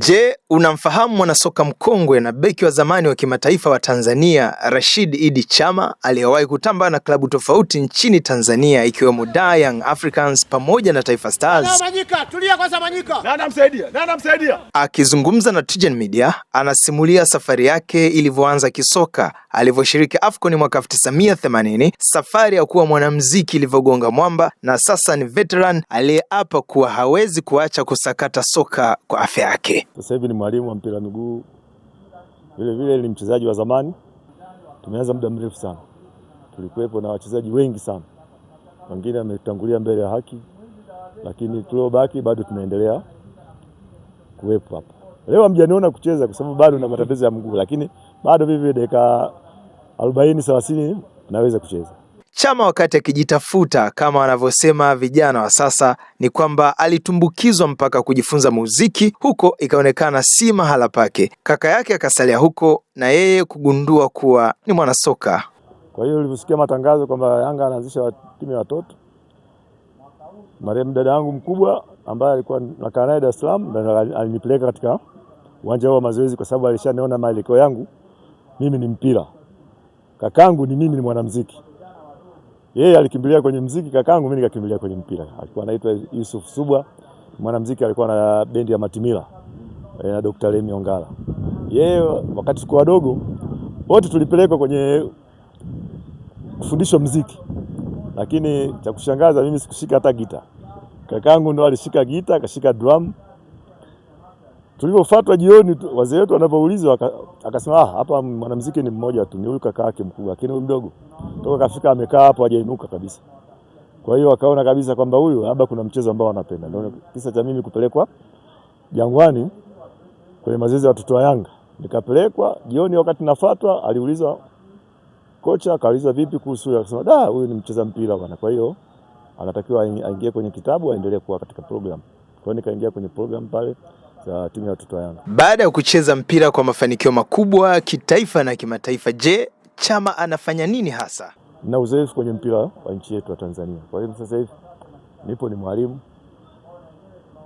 J Unamfahamu mwanasoka mkongwe na beki wa zamani wa kimataifa wa Tanzania Rashid Idi Chama aliyewahi kutamba na klabu tofauti nchini Tanzania ikiwemo Dar, Young Africans pamoja na Taifa Stars. Akizungumza na Trigen Media, anasimulia safari yake ilivyoanza kisoka, alivyoshiriki AFCON mwaka 1980, safari ya kuwa mwanamuziki ilivyogonga mwamba, na sasa ni veteran aliyeapa kuwa hawezi kuacha kusakata soka kwa afya yake mwalimu wa mpira miguu, vile vile ni mchezaji wa zamani. Tumeanza muda mrefu sana, tulikuwepo na wachezaji wengi sana, wengine wametangulia mbele ya haki, lakini tuliobaki bado tunaendelea kuwepo hapa. Leo hamjaniona kucheza kwa sababu bado na matatizo ya mguu, lakini bado vivi dakika 40 30 naweza kucheza. Chama wakati akijitafuta kama wanavyosema vijana wa sasa, ni kwamba alitumbukizwa mpaka kujifunza muziki huko, ikaonekana si mahala pake. Kaka yake akasalia huko na yeye kugundua kuwa ni mwanasoka. Kwa hiyo ulivyosikia matangazo kwamba Yanga anaanzisha timu ya watoto, marehemu dada yangu mkubwa ambaye alikuwa nakaa naye Dar es Salaam alinipeleka katika uwanja huo wa mazoezi, kwa sababu alishaniona maelekeo yangu mimi ni mpira, kakangu ni mimi ni mwanamuziki. Yeye alikimbilia kwenye mziki kakangu, mimi nikakimbilia kwenye mpira. Alikuwa anaitwa Yusuf Subwa, mwanamziki alikuwa na bendi ya Matimila eh, na Dr. Lemi Ongala. Yeye wakati tuko wadogo wote tulipelekwa kwenye kufundishwa mziki, lakini cha kushangaza mimi sikushika hata gita. Kakangu ndo alishika gita, akashika drum Tulivyofuatwa jioni, wazee wetu wanapoulizwa, akasema ah, hapa mwanamuziki ni mmoja tu, ni huyu kaka yake mkubwa, lakini huyu mdogo toka kafika amekaa hapo hajainuka kabisa. Kwa hiyo akaona kabisa kwamba huyu labda kuna mchezo ambao anapenda. Ndio kisa cha mimi kupelekwa Jangwani kwenye mazoezi ya watoto wa Yanga, nikapelekwa jioni. Wakati nafuatwa, aliuliza kocha, akauliza vipi kuhusu, huyu, akasema da, huyu ni mcheza mpira bwana, kwa hiyo anatakiwa aingie kwenye kitabu aendelee kuwa katika program. Kwa hiyo nikaingia kwenye program pale za timu ya watoto wa Yanga. Baada ya kucheza mpira kwa mafanikio makubwa kitaifa na kimataifa, je, Chama anafanya nini hasa? Na uzoefu kwenye mpira wa nchi yetu ya Tanzania, kwa hiyo sasa hivi nipo ni mwalimu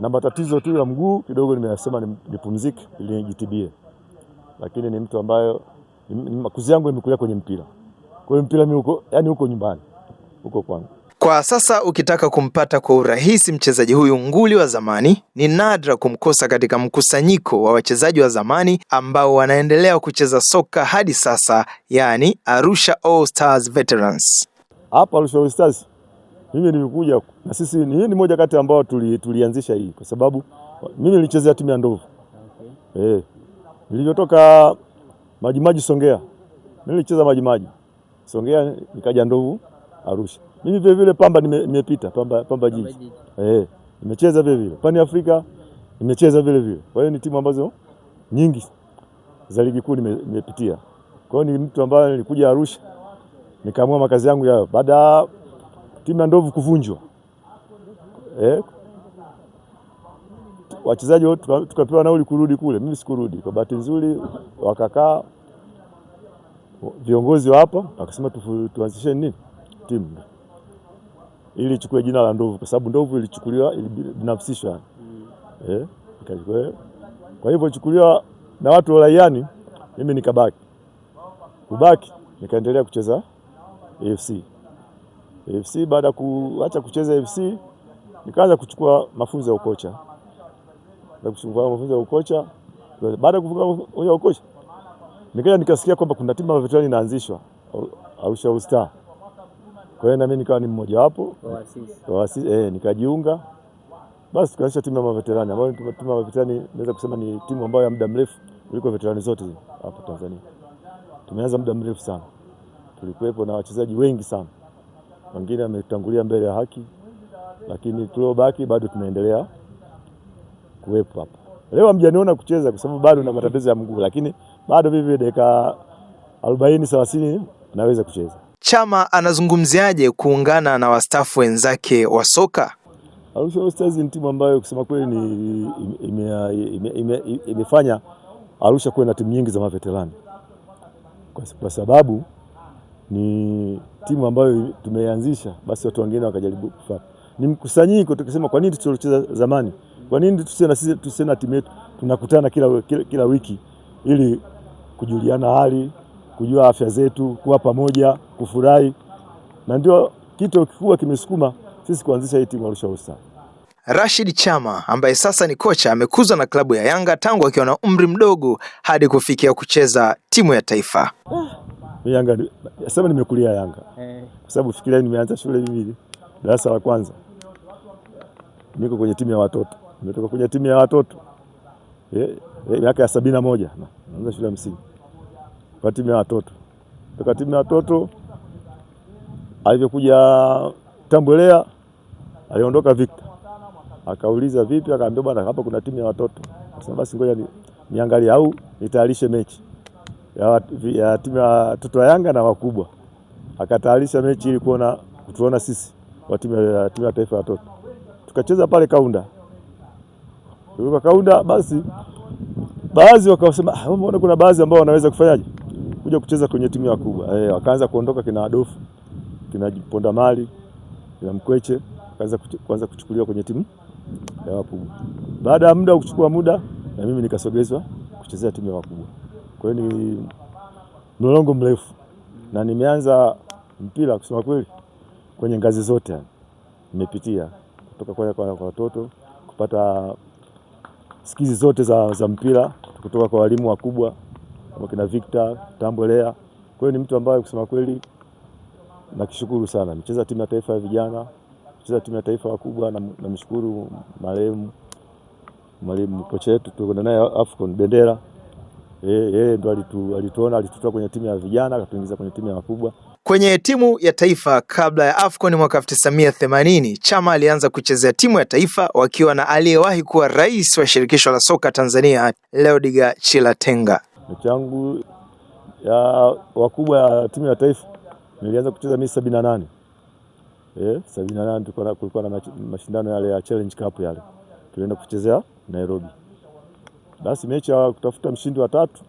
na matatizo tu ya mguu kidogo nimeyasema, nipumzike ili nijitibie, lakini ni mtu ambayo makuzi yangu yamekulia kwenye mpira. Kwa hiyo mpira mimi huko, yani huko nyumbani, huko kwangu. Kwa sasa ukitaka kumpata kwa urahisi mchezaji huyu nguli wa zamani, ni nadra kumkosa katika mkusanyiko wa wachezaji wa zamani ambao wanaendelea kucheza soka hadi sasa, yaani Arusha All Stars Veterans. Hapa Arusha All Stars mimi nimekuja na sisi, hii ni moja kati ambao tuli, tulianzisha hii kwa sababu mimi nilichezea timu ya Ndovu okay. Eh, nilivyotoka Majimaji Songea, mimi nilicheza Majimaji Songea nikaja Ndovu Arusha. Mimi vile vile Pamba nimepita nime Pamba, Pamba jiji eh, nimecheza vile vile Pani Afrika nimecheza vile vile. Kwa hiyo ni timu ambazo nyingi za ligi kuu nimepitia. Kwa hiyo ni mtu ambaye nilikuja Arusha nikaamua makazi yangu yao baada ya timu ya Ndovu kuvunjwa eh, wachezaji wote tukapewa nauli kurudi kule. Mimi sikurudi kwa bahati nzuri, wakakaa viongozi wa hapa wakasema tuanzishe nini team ili ichukue jina la ndovu, kwa sababu ndovu ilichukuliwa ilibinafsishwa mm. eh, kwa hivyo ichukuliwa na watu walaiani, mimi nikabaki kubaki nikaendelea kucheza AFC AFC. Baada ya kuacha kucheza AFC, nikaanza kuchukua mafunzo ya ukocha na kuchukua mafunzo ya ukocha. Baada ya kufunga ukocha, nikaja nikasikia kwamba kuna timu ya veterani inaanzishwa Arusha All Star. Kwa hiyo na mimi nikawa ni mmoja wapo eh, nikajiunga basi, tukaanzisha timu ya maveterani ambayo timu ya maveterani naweza kusema ni timu ambayo ya muda mrefu kuliko veterani zote hapa Tanzania. Tumeanza muda mrefu sana, tulikuwepo na wachezaji wengi sana, wengine wametangulia mbele ya haki, lakini tuliobaki bado tunaendelea kuwepo hapa. Leo hamjaniona kucheza kwa sababu bado na matatizo ya mguu, lakini bado vivyo dakika 40 30 naweza kucheza. Chama anazungumziaje kuungana na wastaafu wenzake wa soka? Arusha Stars ni timu ambayo kusema kweli ni imefanya Arusha kuwe na timu nyingi za maveterani kwa sababu ni timu ambayo tumeanzisha, basi watu wengine wakajaribu kufuata. Ni mkusanyiko tukisema, kwa nini tulicheza zamani? Kwa nini tusiwe na timu yetu? Tunakutana kila, kila, kila wiki ili kujuliana hali kujua afya zetu, kuwa pamoja, kufurahi, na ndio kitu kikubwa kimesukuma sisi kuanzisha hii timu Arusha All Rashid Chama ambaye sasa ni kocha amekuzwa na klabu ya Yanga tangu akiwa na umri mdogo hadi kufikia kucheza timu ya taifa. Ah, Yanga sema nimekulia Yanga eh. kwa sababu fikiria, nimeanza shule mimi darasa la kwanza, niko kwenye timu ya watoto, nimetoka kwenye timu ya watoto eh, eh, miaka e, e, ya sabini na moja naanza shule ya msingi kwa timu ya watoto toka timu ya watoto alivyokuja Tambwelea aliondoka Victor, akauliza vipi, akaambia bwana, hapa kuna timu ya watoto. Sasa basi ngoja ni, niangalie au nitayarishe mechi ya, ya timu ya watoto wa Yanga na wakubwa. Akatayarisha mechi ili kuona kutuona sisi wa timu ya timu ya taifa ya watoto, tukacheza pale Kaunda. Tulikuwa Kaunda, basi baadhi wakasema ah, mbona kuna baadhi ambao wanaweza kufanyaje kuja kucheza kwenye timu ya kubwa eh, wakaanza kuondoka kina Adolfu kina Ponda Mali kina Mkweche wakaanza kuanza kuchukuliwa kwenye timu ya wakubwa. Baada ya muda kuchukua muda na mimi nikasogezwa kuchezea timu ya wakubwa. Kwa hiyo ni mlolongo mrefu na nimeanza mpira kusema kweli kwenye ngazi zote nimepitia, kutoka kwa kwa watoto kupata skizi zote za, za mpira kutoka kwa walimu wakubwa wakina Victor tambolea Kwa hiyo ni mtu ambaye kusema kweli nakishukuru sana, mcheza timu ya taifa ya vijana, mcheza timu ya taifa wakubwa, namshukuru na marehemu mwalimu kocha wetu tulikwenda naye Afcon Bendera, yeye ndo alitu, alituona alitutoa kwenye timu ya vijana akatuingiza kwenye timu ya wakubwa. Kwenye timu ya taifa kabla ya Afcon mwaka 1980 Chama alianza kuchezea timu ya taifa wakiwa na aliyewahi kuwa rais wa shirikisho la soka Tanzania Leodegar Chilatenga mechi yangu ya wakubwa ya timu ya taifa nilianza kucheza mimi sabini na nane eh, sabini na nane kulikuwa na mashindano yale ya Challenge Cup yale, tulienda kuchezea Nairobi. Basi mechi ya kutafuta mshindi wa tatu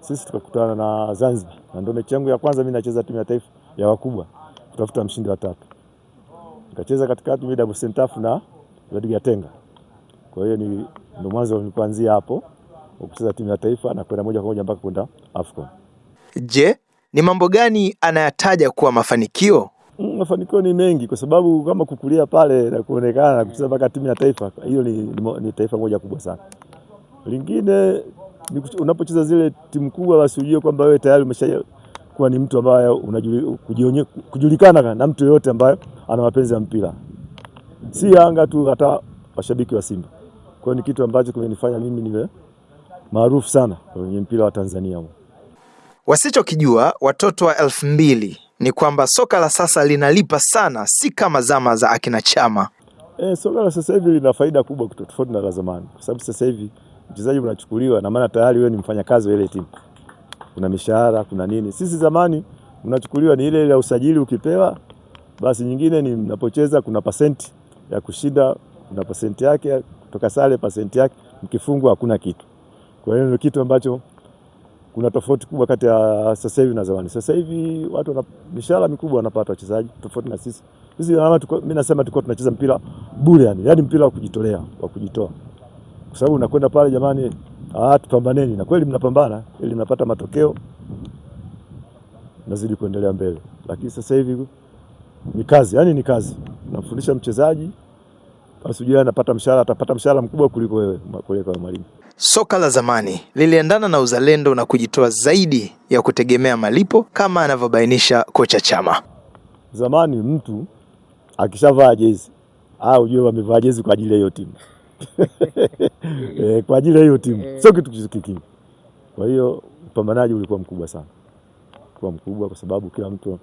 sisi tukakutana na Zanzibar, na ndio mechi yangu ya kwanza mimi nacheza timu ya taifa ya wakubwa kutafuta mshindi wa tatu. Nikacheza katikati mimi double centaf na Edgar Tenga, kwa hiyo ni ndio mwanzo nilipoanzia hapo kucheza timu ya taifa na kwenda moja kwa moja mpaka kwenda AFCON. Je, ni mambo gani anayataja kuwa mafanikio? Mm, mafanikio ni mengi kwa sababu kama kukulia pale na kuonekana na kucheza mpaka timu ya taifa, hiyo ni, ni, ni taifa moja kubwa sana. Lingine unapocheza zile timu kubwa, basi ujue kwamba wewe tayari umesha kuwa ni mtu ambaye unajulikana na mtu yoyote ambaye ana mapenzi ya mpira, si Yanga tu, hata washabiki wa Simba. Kwa hiyo ni kitu ambacho kimenifanya mimi niwe maarufu sana kwenye mpira wa Tanzania huu. Wasichokijua watoto wa elfu mbili ni kwamba soka la sasa linalipa sana, si kama zama za akina Chama. E, soka la sasa hivi lina faida kubwa tofauti na la zamani, kwa sababu sasa hivi mchezaji unachukuliwa na maana tayari wewe ni mfanyakazi wa ile timu, kuna mishahara, kuna nini. Sisi zamani unachukuliwa ni ile ile ya usajili, ukipewa basi. Nyingine ni mnapocheza kuna pasenti ya kushinda, kuna pasenti yake, kutoka sare pasenti yake, mkifungwa hakuna kitu. Kwa hiyo ni kitu ambacho kuna tofauti kubwa kati ya sasa hivi na zamani. Sasa hivi watu wana mishahara mikubwa wanapata wachezaji tofauti na sisi. Sisi mimi nasema tulikuwa tunacheza mpira bure yani, yani mpira wa kujitolea, wa kujitoa. Kwa sababu unakwenda pale jamani, ah, tupambaneni na kweli mnapambana ili mnapata matokeo nazidi kuendelea mbele. Lakini sasa hivi ni kazi, yani ni kazi. Nafundisha mchezaji asijui anapata mshahara, atapata mshahara mkubwa kuliko wewe kuliko mwalimu. Soka la zamani liliendana na uzalendo na kujitoa zaidi ya kutegemea malipo kama anavyobainisha kocha Chama. Zamani mtu akishavaa jezi au ujue wamevaa jezi kwa ajili ya hiyo timu eh, kwa ajili ya hiyo timu, eh. sio kitu kingine. Kwa hiyo upambanaji ulikuwa mkubwa sana, ulikuwa mkubwa kwa sababu kila mtu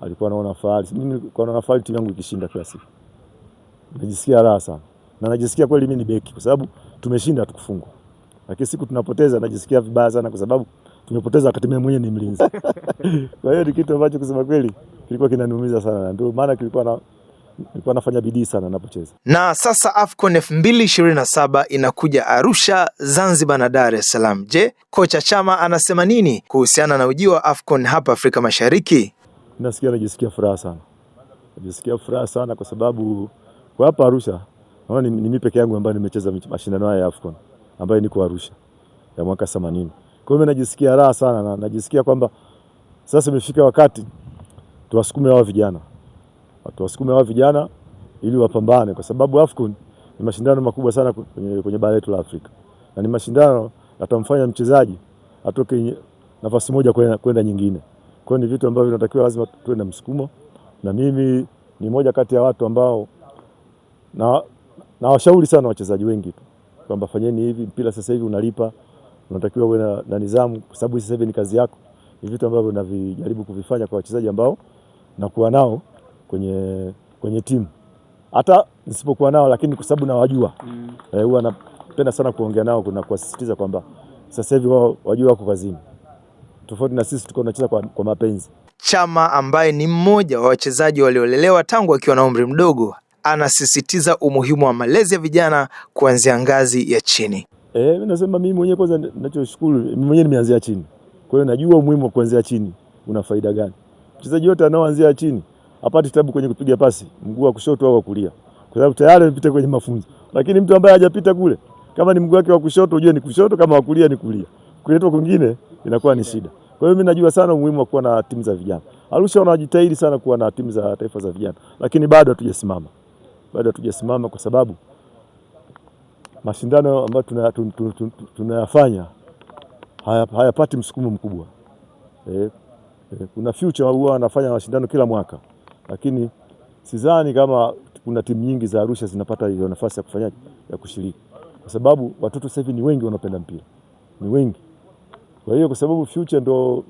alikuwa anaona fahari. Mimi nilikuwa naona fahari timu yangu ikishinda kila siku najisikia raha sana na najisikia kweli mimi ni beki, kwa sababu tumeshinda tukufungwa, lakini siku tunapoteza najisikia vibaya sana, kwa sababu tumepoteza wakati mimi mwenyewe ni mlinzi kwa hiyo ni kitu ambacho kusema kweli kilikuwa kinaniumiza sana, ndio maana kilikuwa na nilikuwa nafanya bidii sana napocheza. Na sasa AFCON 2027 inakuja Arusha, Zanzibar na Dar es Salaam. Je, kocha Chama anasema nini kuhusiana na ujio wa AFCON hapa Afrika Mashariki? Nasikia, najisikia furaha sana, najisikia furaha sana kwa sababu kwa hapa Arusha naona ni, ni mimi peke yangu ambaye nimecheza mashindano haya ya Afcon ambaye niko Arusha ya mwaka 80. Kwa hiyo mimi najisikia raha sana na najisikia kwamba sasa imefika wakati tuwasukume hawa vijana. Tuwasukume hawa vijana ili wapambane kwa sababu Afcon ni mashindano makubwa sana kwenye, kwenye bara letu la Afrika. Na ni mashindano yatamfanya mchezaji atoke nafasi moja kwenda nyingine. Kwa hiyo ni vitu ambavyo tunatakiwa lazima tuwe na msukumo na mimi ni moja kati ya watu ambao na washauri sana wachezaji wengi tu kwamba fanyeni hivi, mpira sasa hivi unalipa, unatakiwa uwe na, na nidhamu, kwa sababu sasa hivi ni kazi yako. Ni vitu ambavyo navijaribu kuvifanya kwa wachezaji ambao nakuwa nao kwenye, kwenye timu hata nisipokuwa nao, lakini kwa sababu nawajua mm. Eh, huwa e, napenda sana kuongea nao na kuwasisitiza kwamba sasa hivi wao wajua wako kazini, tofauti na sisi tuko tunacheza kwa, kwa mapenzi. Chama ambaye ni mmoja wa wachezaji waliolelewa tangu akiwa na umri mdogo anasisitiza umuhimu wa malezi ya vijana kuanzia ngazi ya chini. Eh, nasema mimi mwenyewe kwanza ninachoshukuru mimi mwenyewe nimeanzia chini, kwa hiyo najua umuhimu wa kuanzia chini una faida gani. Mchezaji yote anaoanzia chini apate tabu kwenye kupiga pasi mguu wa kushoto au wa kulia, kwa sababu tayari amepita kwenye mafunzo. Lakini mtu ambaye hajapita kule, kama ni mguu wake wa kushoto ujue ni kushoto, kama wa kulia ni kulia, kuletwa kwingine inakuwa ni shida. Kwa hiyo mimi najua sana umuhimu wa kuwa na timu za vijana. Arusha wanajitahidi sana kuwa na timu za taifa za vijana, lakini bado hatujasimama bado hatujasimama kwa sababu mashindano ambayo tunayafanya tuna, tuna, tuna hayapati haya msukumo mkubwa eh, eh, kuna future huwa wanafanya mashindano kila mwaka, lakini sidhani kama kuna timu nyingi za Arusha zinapata hiyo nafasi ya kufanya ya kushiriki, kwa sababu watoto sasa hivi ni wengi wanaopenda mpira, ni wengi. Kwa hiyo kwa sababu future ndo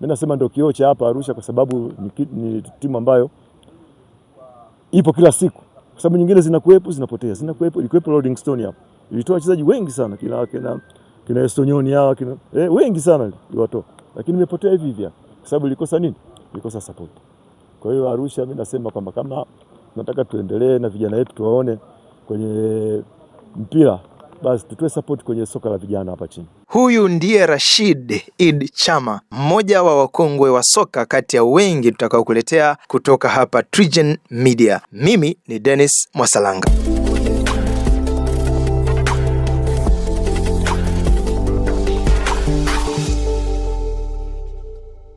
mimi nasema ndo kioo cha hapa Arusha, kwa sababu ni, ni timu ambayo ipo kila siku kwa sababu nyingine zinakuepo zinapotea, zinakuepo. Ilikuepo Rolling Stone hapo, ilitoa wachezaji wengi sana, kina kina kina Estonioni hawa kina eh, wengi sana iliwatoa, lakini imepotea hivi hivi kwa sababu ilikosa nini? Ilikosa support. Kwa hiyo Arusha, mimi nasema kwamba kama tunataka tuendelee na vijana wetu tuwaone kwenye mpira basi tutoe support kwenye soka la vijana hapa chini. Huyu ndiye Rashid id Chama, mmoja wa wakongwe wa soka kati ya wengi tutakaokuletea kutoka hapa TriGen Media. Mimi ni Dennis Mwasalanga.